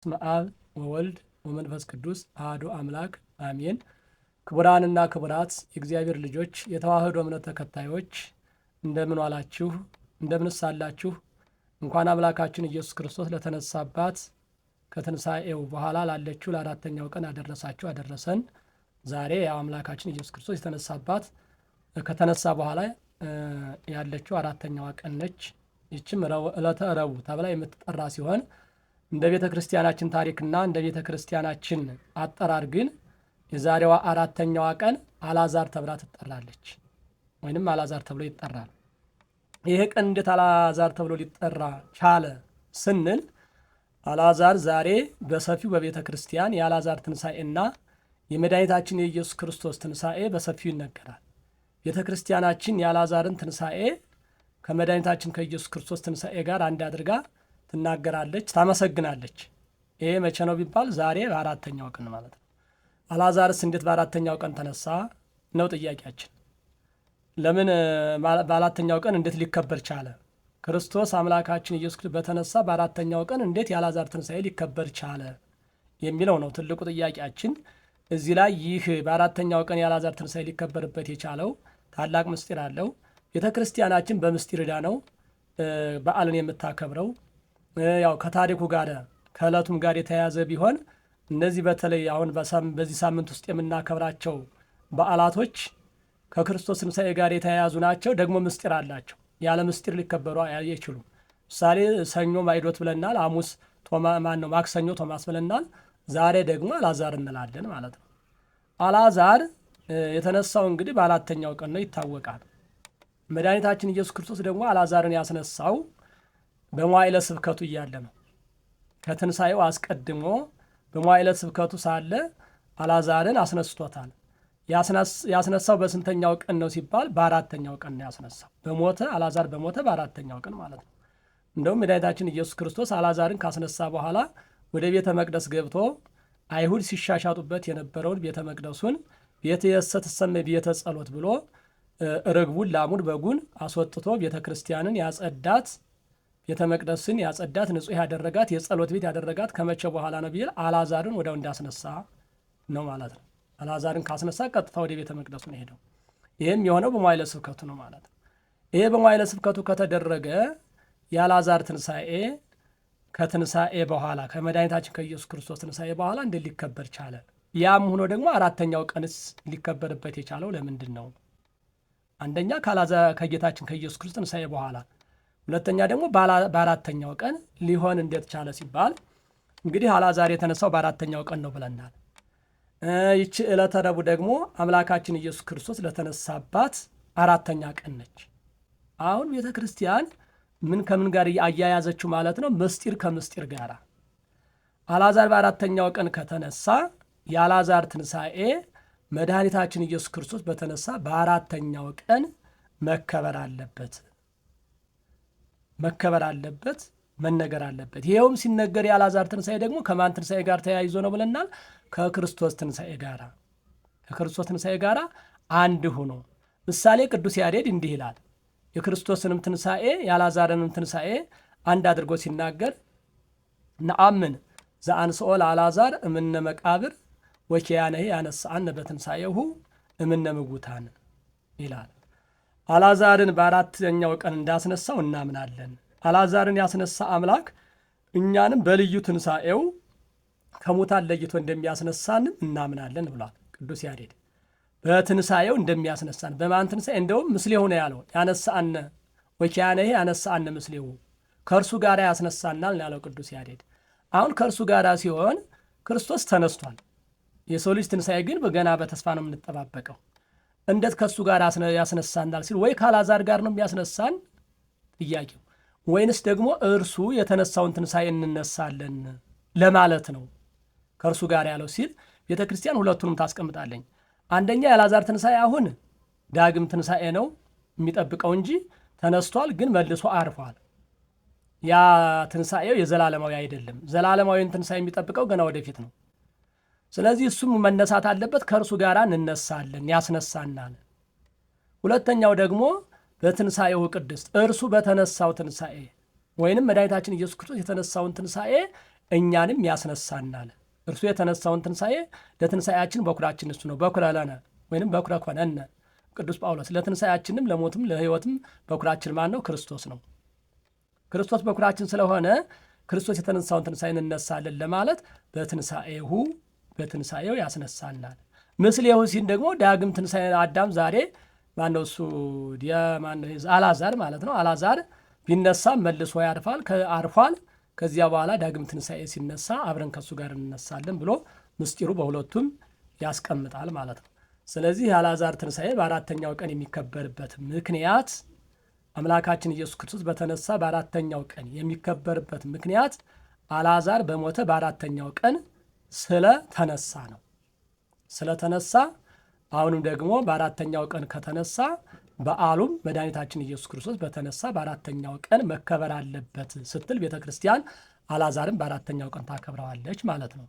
በስመ አብ ወወልድ ወመንፈስ ቅዱስ አሐዱ አምላክ አሜን። ክቡራንና ክቡራት የእግዚአብሔር ልጆች የተዋህዶ እምነት ተከታዮች እንደምን ዋላችሁ? እንደምንስ አላችሁ? እንኳን አምላካችን ኢየሱስ ክርስቶስ ለተነሳባት ከትንሣኤው በኋላ ላለችው ለአራተኛው ቀን አደረሳችሁ አደረሰን። ዛሬ ያው አምላካችን ኢየሱስ ክርስቶስ የተነሳባት ከተነሳ በኋላ ያለችው አራተኛዋ ቀን ነች። ይችም ዕለተ ረቡዕ ተብላ የምትጠራ ሲሆን እንደ ቤተ ክርስቲያናችን ታሪክና እንደ ቤተ ክርስቲያናችን አጠራር ግን የዛሬዋ አራተኛዋ ቀን አላዛር ተብላ ትጠራለች፣ ወይንም አላዛር ተብሎ ይጠራል። ይህ ቀን እንዴት አላዛር ተብሎ ሊጠራ ቻለ ስንል አላዛር ዛሬ በሰፊው በቤተ ክርስቲያን የአላዛር ትንሣኤና የመድኃኒታችን የኢየሱስ ክርስቶስ ትንሣኤ በሰፊው ይነገራል። ቤተ ክርስቲያናችን የአላዛርን ትንሣኤ ከመድኃኒታችን ከኢየሱስ ክርስቶስ ትንሣኤ ጋር አንድ አድርጋ ትናገራለች፣ ታመሰግናለች። ይሄ መቼ ነው ቢባል ዛሬ በአራተኛው ቀን ማለት ነው። አላዛርስ እንዴት በአራተኛው ቀን ተነሳ ነው ጥያቄያችን። ለምን በአራተኛው ቀን እንዴት ሊከበር ቻለ? ክርስቶስ አምላካችን ኢየሱስ ክርስቶስ በተነሳ በአራተኛው ቀን እንዴት የአላዛር ትንሣኤ ሊከበር ቻለ የሚለው ነው ትልቁ ጥያቄያችን። እዚህ ላይ ይህ በአራተኛው ቀን የአላዛር ትንሣኤ ሊከበርበት የቻለው ታላቅ ምስጢር አለው። ቤተ ክርስቲያናችን በምስጢር ዕዳ ነው በዓልን የምታከብረው። ያው ከታሪኩ ጋር ከእለቱም ጋር የተያያዘ ቢሆን እነዚህ በተለይ አሁን በዚህ ሳምንት ውስጥ የምናከብራቸው በዓላቶች ከክርስቶስ ትንሣኤ ጋር የተያያዙ ናቸው። ደግሞ ምስጢር አላቸው። ያለ ምስጢር ሊከበሩ አይችሉም። ምሳሌ ሰኞ ማይዶት ብለናል። ሐሙስ ማን ነው? ማክሰኞ ቶማስ ብለናል። ዛሬ ደግሞ አላዛር እንላለን ማለት ነው። አላዛር የተነሳው እንግዲህ በአራተኛው ቀን ነው ይታወቃል። መድኃኒታችን ኢየሱስ ክርስቶስ ደግሞ አላዛርን ያስነሳው በመዋዕለ ስብከቱ እያለ ነው። ከትንሣኤው አስቀድሞ በመዋዕለ ስብከቱ ሳለ አላዛርን አስነስቶታል። ያስነሳው በስንተኛው ቀን ነው ሲባል በአራተኛው ቀን ነው ያስነሳው። በሞተ አላዛር በሞተ በአራተኛው ቀን ማለት ነው። እንደውም መድኃኒታችን ኢየሱስ ክርስቶስ አላዛርን ካስነሳ በኋላ ወደ ቤተ መቅደስ ገብቶ አይሁድ ሲሻሻጡበት የነበረውን ቤተ መቅደሱን ቤት ቤተ ጸሎት ብሎ ርግቡን፣ ላሙን፣ በጉን አስወጥቶ ቤተ ክርስቲያንን ያጸዳት ቤተ መቅደስን ያጸዳት ንጹህ ያደረጋት የጸሎት ቤት ያደረጋት ከመቼ በኋላ ነው ቢል አላዛርን ወደው እንዳስነሳ ነው ማለት ነው። አላዛርን ካስነሳ ቀጥታ ወደ ቤተ መቅደሱ ነው ሄደው። ይህም የሆነው በመዋዕለ ስብከቱ ነው ማለት ነው። ይሄ በመዋዕለ ስብከቱ ከተደረገ የአላዛር ትንሣኤ ከትንሣኤ በኋላ ከመድኃኒታችን ከኢየሱስ ክርስቶስ ትንሣኤ በኋላ እንዴት ሊከበር ቻለ? ያም ሆኖ ደግሞ አራተኛው ቀንስ ሊከበርበት የቻለው ለምንድን ነው? አንደኛ ከጌታችን ከኢየሱስ ክርስቶስ ትንሣኤ በኋላ ሁለተኛ ደግሞ በአራተኛው ቀን ሊሆን እንዴት ቻለ ሲባል እንግዲህ አልዓዛር የተነሳው በአራተኛው ቀን ነው ብለናል። ይቺ ዕለተ ረቡዕ ደግሞ አምላካችን ኢየሱስ ክርስቶስ ለተነሳባት አራተኛ ቀን ነች። አሁን ቤተ ክርስቲያን ምን ከምን ጋር አያያዘችው ማለት ነው? ምስጢር ከምስጢር ጋር አልዓዛር በአራተኛው ቀን ከተነሳ የአልዓዛር ትንሣኤ መድኃኒታችን ኢየሱስ ክርስቶስ በተነሳ በአራተኛው ቀን መከበር አለበት። መከበር አለበት፣ መነገር አለበት። ይኸውም ሲነገር የአልዓዛር ትንሣኤ ደግሞ ከማን ትንሣኤ ጋር ተያይዞ ነው ብለናል? ከክርስቶስ ትንሣኤ ጋር ከክርስቶስ ትንሣኤ ጋር አንድ ሆኖ ምሳሌ ቅዱስ ያሬድ እንዲህ ይላል። የክርስቶስንም ትንሣኤ የአልዓዛርንም ትንሣኤ አንድ አድርጎ ሲናገር ነአምን ዘአንስኦ ለአልዓዛር እምነ መቃብር ወኪያነሄ ያነስአነ በትንሣኤሁ እምነ ምውታን ይላል። አላዛርን በአራተኛው ቀን እንዳስነሳው እናምናለን። አላዛርን ያስነሳ አምላክ እኛንም በልዩ ትንሣኤው ከሙታን ለይቶ እንደሚያስነሳንም እናምናለን ብሏል ቅዱስ ያሬድ። በትንሣኤው እንደሚያስነሳን በማን ትንሣኤ? እንደውም ምስሌሁ ነው ያለው። ያነሳአነ ወኪያነሄ ያነሳአነ ምስሌሁ፣ ከእርሱ ጋር ያስነሳናል ያለው ቅዱስ ያሬድ። አሁን ከእርሱ ጋር ሲሆን ክርስቶስ ተነስቷል። የሰው ልጅ ትንሣኤ ግን ገና በተስፋ ነው የምንጠባበቀው። እንዴት ከእሱ ጋር ያስነሳናል ሲል ወይ ካላዛር ጋር ነው የሚያስነሳን ጥያቄው፣ ወይንስ ደግሞ እርሱ የተነሳውን ትንሣኤ እንነሳለን ለማለት ነው ከእርሱ ጋር ያለው ሲል ቤተ ክርስቲያን ሁለቱንም ታስቀምጣለኝ። አንደኛ የአላዛር ትንሣኤ አሁን ዳግም ትንሣኤ ነው የሚጠብቀው እንጂ ተነስቷል፣ ግን መልሶ አርፏል። ያ ትንሣኤው የዘላለማዊ አይደለም። ዘላለማዊን ትንሣኤ የሚጠብቀው ገና ወደፊት ነው። ስለዚህ እሱም መነሳት አለበት፣ ከእርሱ ጋር እንነሳለን፣ ያስነሳናል። ሁለተኛው ደግሞ በትንሣኤው ቅድስት እርሱ በተነሳው ትንሣኤ ወይንም መድኃኒታችን ኢየሱስ ክርስቶስ የተነሳውን ትንሣኤ እኛንም ያስነሳናል። እርሱ የተነሳውን ትንሣኤ ለትንሣኤያችን በኩራችን እሱ ነው። በኩረ ለነ ወይንም በኩረ ኮነነ ቅዱስ ጳውሎስ ለትንሣኤያችንም ለሞትም ለሕይወትም በኩራችን ማን ነው? ክርስቶስ ነው። ክርስቶስ በኩራችን ስለሆነ ክርስቶስ የተነሳውን ትንሣኤ እንነሳለን ለማለት በትንሣኤሁ በትንሣኤው ያስነሳናል። ምስል የሁሲን ደግሞ ዳግም ትንሣኤ አዳም ዛሬ ማነው እሱ አላዛር ማለት ነው። አላዛር ቢነሳ መልሶ ያርፋል አርፏል። ከዚያ በኋላ ዳግም ትንሣኤ ሲነሳ አብረን ከሱ ጋር እንነሳለን ብሎ ምስጢሩ በሁለቱም ያስቀምጣል ማለት ነው። ስለዚህ የአላዛር ትንሣኤ በአራተኛው ቀን የሚከበርበት ምክንያት አምላካችን ኢየሱስ ክርስቶስ በተነሳ በአራተኛው ቀን የሚከበርበት ምክንያት አላዛር በሞተ በአራተኛው ቀን ስለተነሳ ነው። ስለተነሳ አሁንም ደግሞ በአራተኛው ቀን ከተነሳ በዓሉም መድኃኒታችን ኢየሱስ ክርስቶስ በተነሳ በአራተኛው ቀን መከበር አለበት ስትል ቤተ ክርስቲያን አላዛርም በአራተኛው ቀን ታከብረዋለች ማለት ነው።